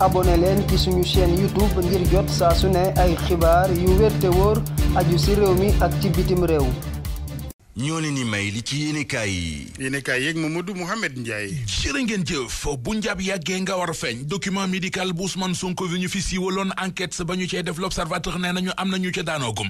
abonné leen ci suñu chaîne YouTube ngir jot saa su ne ay xibaar yu wér te wóor aju ci réew mi ak ci bitim réew. ñoo leen di may li ci yéenekaay yi. yéenekaay yeeg Mamadou Mouhamed Ndiaye. jërë ngeen jëf bu njab yàggee nga war a feeñ document médical bu Ousmane Sonko bi ñu fi siiwaloon enquête ba ñu cee def l'observateur nee nañu am na ñu ca daanoogum.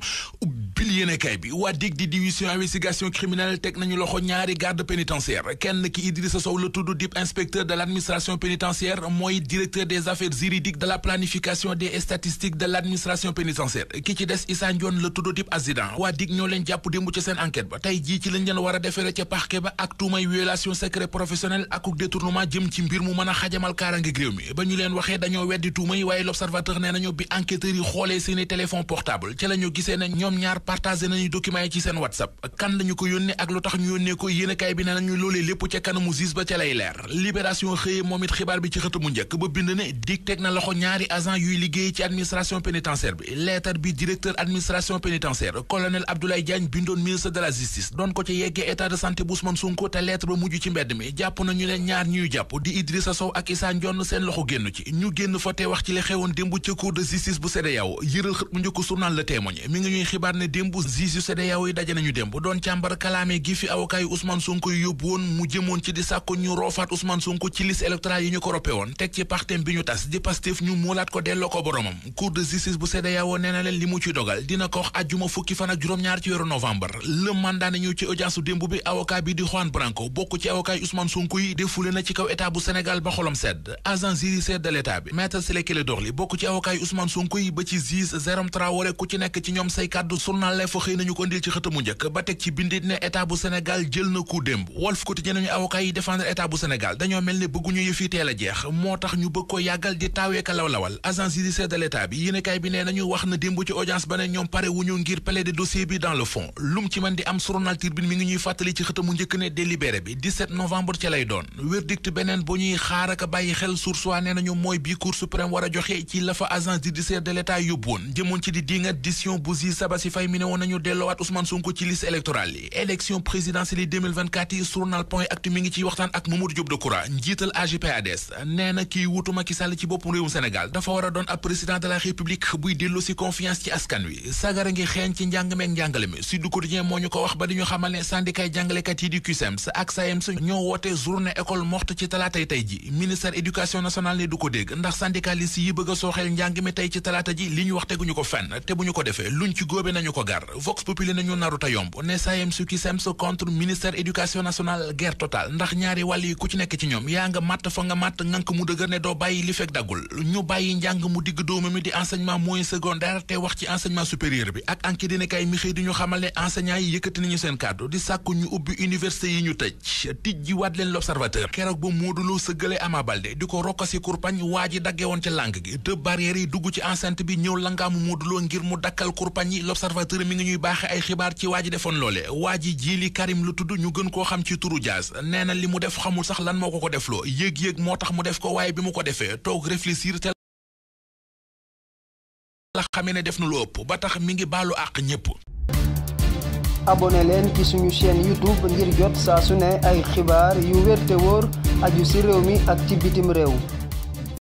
pil yéene kay bi waa dig di division investigation criminelle teg nañu loxo ñaari garde pénitentiaire kenn ki Idrissa Sow la tudd dip inspecteur de l' administration pénitentiaire mooy directeur des affaires juridiques de la planification des statistiques de l' administration pénitentiaire ki ci des Issa Ndione la tudd dip asident waa dig ñoo leen jàpp démb ci seen enquête ba tey jii ci lañ leen war a defere ca parquet ba ak tuumay violation secret professionnel a xajamal kaarange réew mi ba ñu l' observateur nee nañu bi ñoom ñaar partagé nañu documents yi ci seen whatsapp kan lañu ko yónnee ak lu tax ñu yónnee ko yéenekaay bi nañu loolee lépp ca kanamu gis ba ca lay leer libération xëyee moom it xibaar bi ci xëtu njëkk ba bind ne dig teg na loxo ñaari agent yuy liggéey ci administration pénitentiaire bi leetar bi directeur administration pénitentiaire colonel Abdoulaye Diagne bindoon ministre de la justice doon ko ca yeggee état de santé bu Ousmane te lettre ba mujj ci mbedd démb juge CEDEAO yi daje nañu démb doon càmbar kalaame gi fi avocat yi Ousmane yi ba ci avocat yi Ousmane Sonko ci nekk ci ñoom say kàddu surna journal L'Info xëy nañu ko ndil ci xëtamu njëkk ba teg ci bindit ne état bu Sénégal jël na coup démb Walf Quotidien nañu avocat yi défendre état bu Sénégal dañoo mel ne bëgguñu yëf yi jeex moo tax ñu bëgg ko yàggal di taaweeka lawlawal agence judiciaire de l'état bi yéenekaay bi nee nañu wax na démb ci audience ba ne ñoom pare wuñu ngir plaider dossier bi dans le fond lum ci man di am journal Tribune mi ngi ñuy fàttali ci xëtamu njëkk ne délibéré bi 17 ne woon nañu delloowaat Ousmane Sonko ci liste électorale yi élection présidentielle yi 2024 yi journal point actu mi ngi ciy waxtaan ak Mamadou Diop Decroix njiital AGPADS nee na kii wutu Macky Sall ci bopp réewum Sénégal dafa war doon ab président de la République buy dellu si confiance ci askan wi sagara ngi xeeñ ci njàng meek njàngale mi Sud Quotidien moo ñu ko wax ba di ñu xamal ne syndicat yi jàngalekat yi di CUSEMS ak SAEMS ñoo woote journée école ci talaatay tey ji ministère éducation nationale ne du ndax syndicaliste yi bëgg a sooxeel njàng mi tey ci ji li ñu wax teguñu ko fenn te bu ñu ko defee luñ ci nañu ko gar vox populi nañu yomb ne SAEMS ki SEMS contre ministère éducation nationale guerre totale ndax ñaari wàll yi ku ci nekk ci ñoom yaa nga màtt fa nga màtt ngank mu dëgër ne doo bàyyi li fekk daggul ñu bàyyi njàng mu digg dóomu mi di enseignement moyen secondaire te wax ci enseignement supérieur bi ak anki mi xëy di ñu xamal ne yi yëkkati nañu seen kàddu di sàkku ñu ubbi université yi ñu tëj tijji waat leen l'observateur keroog ba l'observateur ngi ñuy baaxe ay xibaar ci waa ji defoon loole waa ji jiili Karim lu tudd ñu gën koo xam ci turu Diaz nee na li mu def xamul sax lan moo ko ko defloo yëg-yëg moo tax mu def ko waaye bi mu ko defee toog réfléchir te la xamee ne def na lu ëpp ba tax mi ngi baalu àq ñépp abonné ci suñu chaîne youtube ngir jot saa su ne ay xibaar yu wér te wóor aju ci réew mi ak ci bitim réew